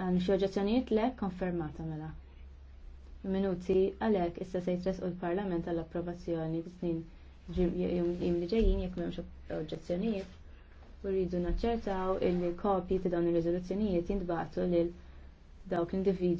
għan xoġazzjoniet le konfermata mela. Minuti għalek issa se jitres u l-parlament għall-approvazzjoni b'snin jum li ġejjin jekk m'hemmx oġġezzjonijiet u rridu naċċertaw il-kopji ta' dawn ir-riżoluzzjonijiet jintbagħtu lil dawk l-individwi